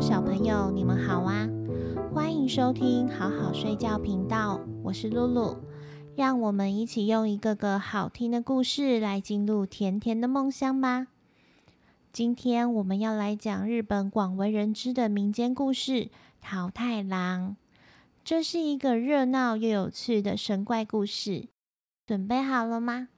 小朋友，你們好啊！歡迎收聽好好睡覺頻道，我是露露。讓我們一起用一個個好聽的故事來進入甜甜的夢鄉吧。今天我們要來講日本廣為人知的民間故事《桃太郎》。這是一個熱鬧又有趣的神怪故事，準備好了嗎？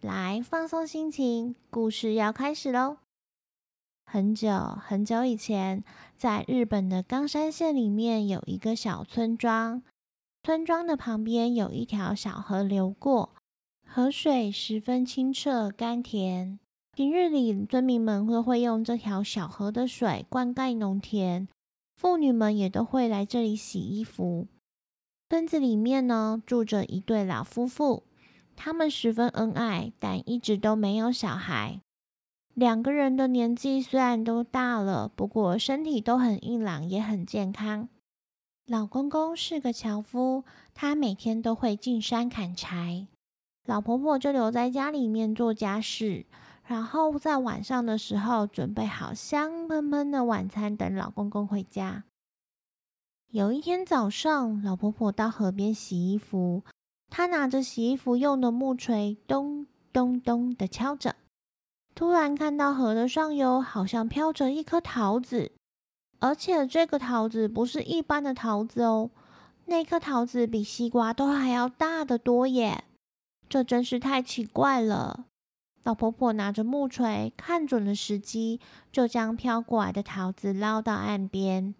來放鬆心情，故事要開始嘍！很久很久以前，在日本的岡山縣裡面有一個小村莊。村莊的旁邊有一條小河流過，河水十分清澈甘甜。平日裡，村民們都會用這條小河的水灌溉農田，婦女們也都會來這裡洗衣服。村子裡面呢，住着一對老夫婦，他們十分恩愛，但一直都沒有小孩。兩個人的年紀雖然都大了，不過身體都很硬朗，也很健康。老公公是個樵夫，他每天都會進山砍柴；老婆婆就留在家裡面做家事，然後在晚上的時候準備好香噴噴的晚餐，等老公公回家。有一天早上，老婆婆到河邊洗衣服，她拿着洗衣服用的木錘，咚咚咚的敲着。突然看到河的上游好像飄着一顆桃子，而且這個桃子不是一般的桃子哦，那顆桃子比西瓜都還要大得多耶！這真是太奇怪了。老婆婆拿着木錘，看準了時機，就將飄過來的桃子撈到岸邊。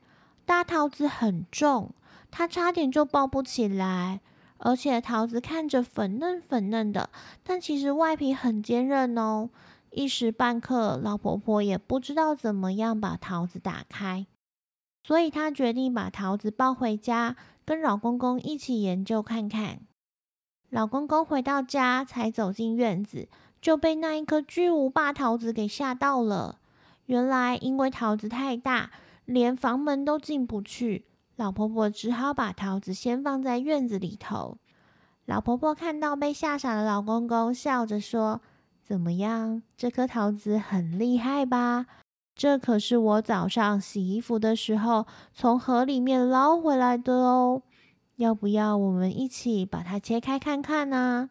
大桃子很重，她差點就抱不起來。而且桃子看着粉嫩粉嫩的，但其實外皮很堅韌哦。一時半刻，老婆婆也不知道怎麼樣把桃子打開，所以她決定把桃子抱回家，跟老公公一起研究看看。老公公回到家，才走進院子，就被那一顆巨無霸桃子給嚇到了。原來，因為桃子太大，連房門都進不去，老婆婆只好把桃子先放在院子裡頭。老婆婆看到被嚇傻的老公公，笑着說。怎麼樣？這顆桃子很厲害吧？這可是我早上洗衣服的時候從河裡面撈回來的哦。要不要我們一起把它切開看看呢，啊？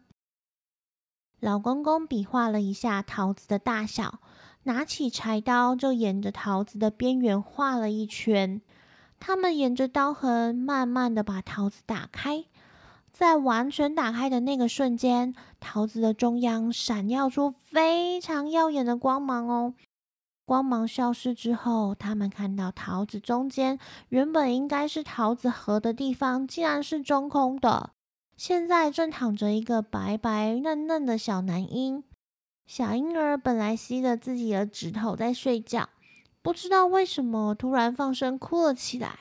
老公公比劃了一下桃子的大小，拿起柴刀就沿着桃子的邊緣畫了一圈。他們沿着刀痕慢慢地把桃子打開。在完全打開的那個瞬間，桃子的中央閃耀出非常耀眼的光芒哦。光芒消失之後，他們看到桃子中間原本應該是桃子核的地方，竟然是中空的。現在正躺着一個白白嫩嫩的小男嬰，小嬰兒本來吸着自己的指頭在睡覺，不知道為什麼突然放聲哭了起來。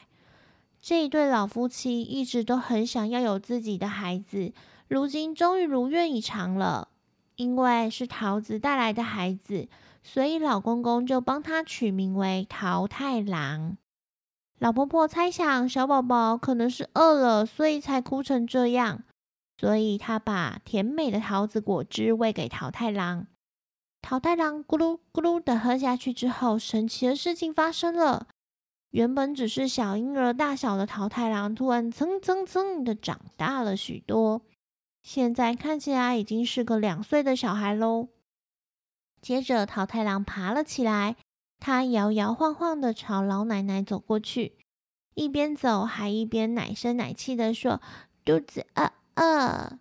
這一對老夫妻一直都很想要有自己的孩子，如今終於如願以償了。因為是桃子帶來的孩子，所以老公公就幫他取名為桃太郎。老婆婆猜想小寶寶可能是餓了，所以才哭成這樣，所以她把甜美的桃子果汁餵給桃太郎。桃太郎咕嚕咕嚕的喝下去之後，神奇的事情發生了。原本只是小嬰兒大小的桃太郎，突然蹭蹭蹭的長大了許多，現在看起來已經是個兩歲的小孩嘍。接着，桃太郎爬了起來，他搖搖晃晃的朝老奶奶走過去，一邊走還一邊奶聲奶氣的說：“肚子餓餓。”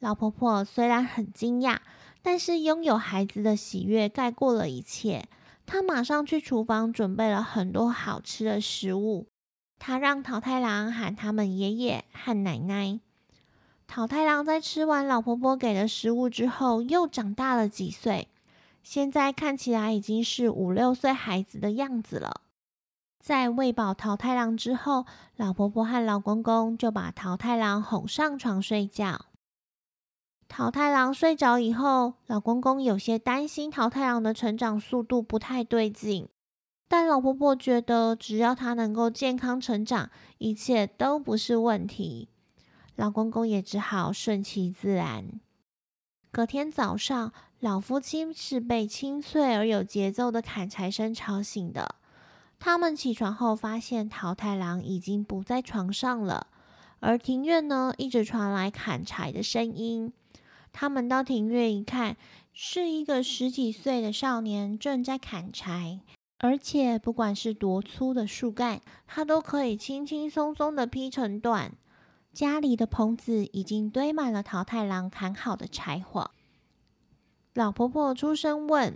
老婆婆雖然很驚訝，但是擁有孩子的喜悅蓋過了一切。他馬上去廚房準備了很多好吃的食物，他讓桃太郎喊他們爺爺和奶奶。桃太郎在吃完老婆婆給的食物之後，又長大了幾歲，現在看起來已經是五六歲孩子的樣子了。在餵飽桃太郎之後，老婆婆和老公公就把桃太郎哄上床睡覺。桃太郎睡着以後，老公公有些擔心桃太郎的成長速度不太對勁，但老婆婆覺得只要他能夠健康成長，一切都不是問題。老公公也只好順其自然。隔天早上，老夫妻是被清脆而有節奏的砍柴聲吵醒的。他們起床後發現桃太郎已經不在床上了，而庭院呢，一直傳來砍柴的聲音。他們到庭院一看，是一個十幾歲的少年正在砍柴，而且不管是多粗的樹幹，他都可以輕輕鬆鬆的劈成段。家裡的棚子已經堆滿了桃太郎砍好的柴火。老婆婆出聲問：“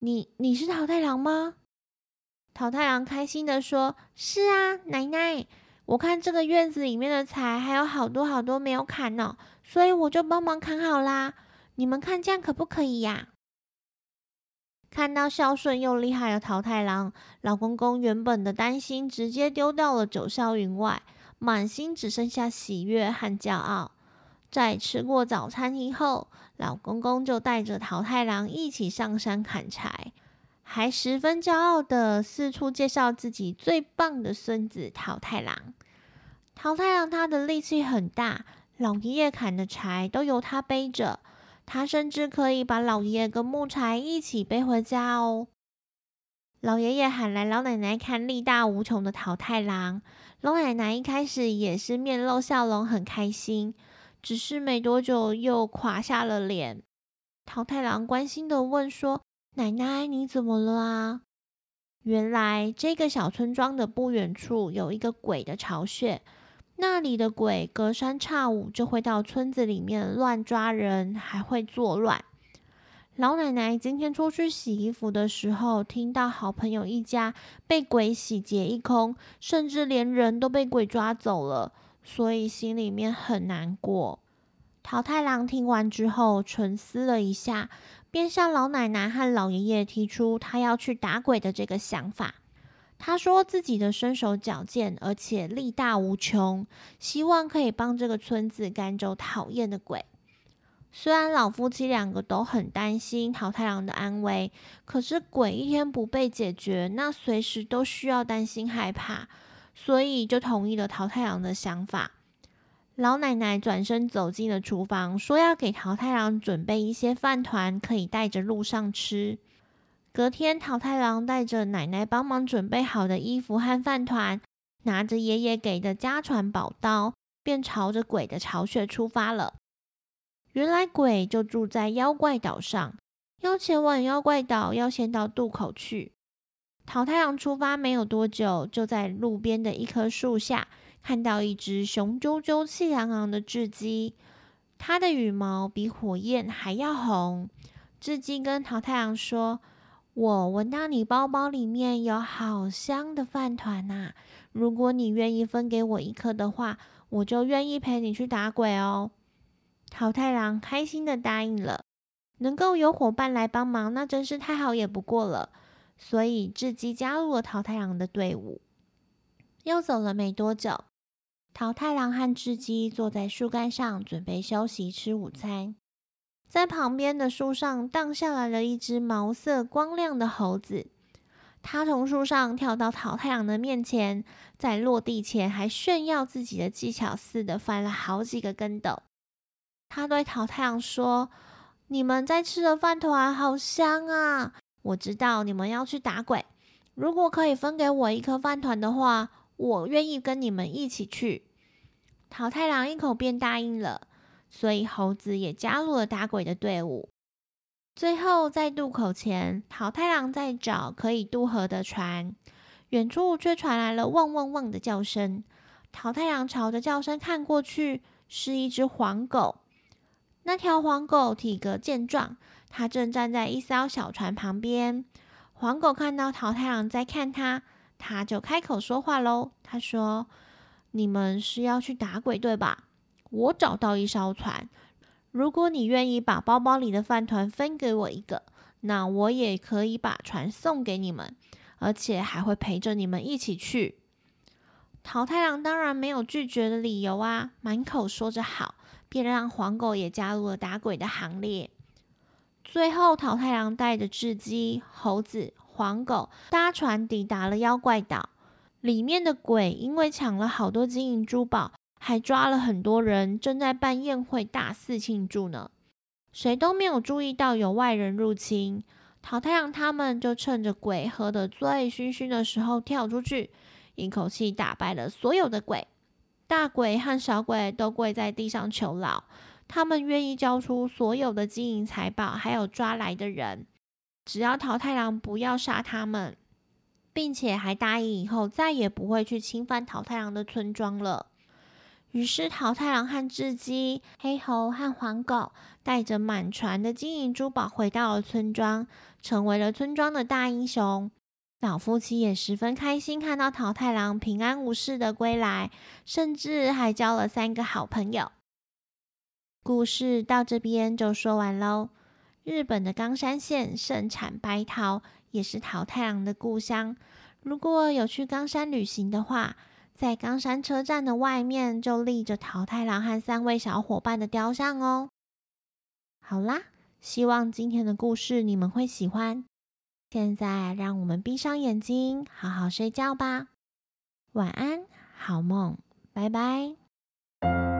你，你是桃太郎嗎？”桃太郎開心的說：“是啊，奶奶，我看這個院子裡面的柴還有好多好多沒有砍哦。”所以我就幫忙砍好啦，你們看這樣可不可以呀、啊？看到孝順又厲害的桃太郎，老公公原本的擔心直接丟掉了九霄雲外，滿心只剩下喜悅和驕傲。在吃過早餐以後，老公公就帶着桃太郎一起上山砍柴，還十分驕傲地四處介紹自己最棒的孫子桃太郎。桃太郎他的力氣很大。老爺爺砍的柴都由他背着，他甚至可以把老爺爺跟木柴一起背回家哦。老爺爺喊來老奶奶，看力大無窮的桃太郎。老奶奶一開始也是面露笑容，很開心，只是沒多久又垮下了臉。桃太郎關心的問說：“奶奶，你怎麼了啊？”原來這個小村莊的不遠處有一個鬼的巢穴。那裡的鬼隔三差五就會到村子裡面亂抓人，還會作亂。老奶奶今天出去洗衣服的時候，聽到好朋友一家被鬼洗劫一空，甚至連人都被鬼抓走了，所以心裡面很難過。桃太郎聽完之後沉思了一下，便向老奶奶和老爺爺提出他要去打鬼的這個想法。他說自己的身手矯健，而且力大無窮，希望可以幫這個村子趕走討厭的鬼。雖然老夫妻兩個都很擔心桃太郎的安危，可是鬼一天不被解決，那隨時都需要擔心害怕，所以就同意了桃太郎的想法。老奶奶轉身走進了廚房，說要給桃太郎準備一些飯糰，可以帶着路上吃。隔天，桃太郎帶着奶奶幫忙準備好的衣服和飯糰，拿着爺爺給的家傳寶刀，便朝着鬼的巢穴出發了。原來鬼就住在妖怪島上，要前往妖怪島，要先到渡口去。桃太郎出發沒有多久，就在路邊的一棵樹下，看到一隻雄赳赳、氣昂昂的雉雞，它的羽毛比火焰還要紅。雉雞跟桃太郎說。我聞到你包包裡面有好香的飯團吶！如果你願意分給我一顆的話，我就願意陪你去打鬼哦。桃太郎開心地答應了，能夠有夥伴來幫忙，那真是太好也不過了。所以雉雞加入了桃太郎的隊伍。又走了沒多久，桃太郎和雉雞坐在樹幹上準備休息吃午餐。在旁邊的樹上盪下來了一隻毛色光亮的猴子，它從樹上跳到桃太郎的面前，在落地前還炫耀自己的技巧似的翻了好幾個跟斗。他對桃太郎說：“你們在吃的飯糰好香啊！我知道你們要去打鬼，如果可以分給我一顆飯糰的話，我願意跟你們一起去。”桃太郎一口便答應了。所以猴子也加入了打鬼的隊伍。最後，在渡口前，桃太郎在找可以渡河的船，遠處卻傳來了汪汪汪的叫聲。桃太郎朝着叫聲看過去，是一隻黃狗。那條黃狗體格健壯，它正站在一艘小船旁邊。黃狗看到桃太郎在看它，它就開口說話嘍。它說：“你們是要去打鬼，對吧？”我找到一艘船，如果你願意把包包裡的飯團分給我一個，那我也可以把船送給你們，而且還會陪着你們一起去。桃太郎當然沒有拒絕的理由啊，滿口說着好，便讓黃狗也加入了打鬼的行列。最後，桃太郎帶着雉雞、猴子、黃狗搭船抵達了妖怪島，裡面的鬼因為搶了好多金銀珠寶。還抓了很多人，正在辦宴會大肆慶祝呢。誰都沒有注意到有外人入侵，桃太郎他們就趁着鬼喝得醉醺醺的時候跳出去，一口氣打敗了所有的鬼。大鬼和小鬼都跪在地上求饒，他們願意交出所有的金銀財寶，還有抓來的人，只要桃太郎不要殺他們，並且還答應以後再也不會去侵犯桃太郎的村莊了。於是，桃太郎和雉雞、黑猴和黃狗帶着滿船的金銀珠寶回到了村莊，成為了村莊的大英雄。老夫妻也十分開心，看到桃太郎平安無事的歸來，甚至還交了三個好朋友。故事到這邊就說完嘍。日本的岡山縣盛產白桃，也是桃太郎的故鄉。如果有去岡山旅行的話，在岡山車站的外面就立着桃太郎和三位小夥伴的雕像哦。好啦，希望今天的故事你們會喜歡。現在讓我們閉上眼睛，好好睡覺吧。晚安，好夢，拜拜。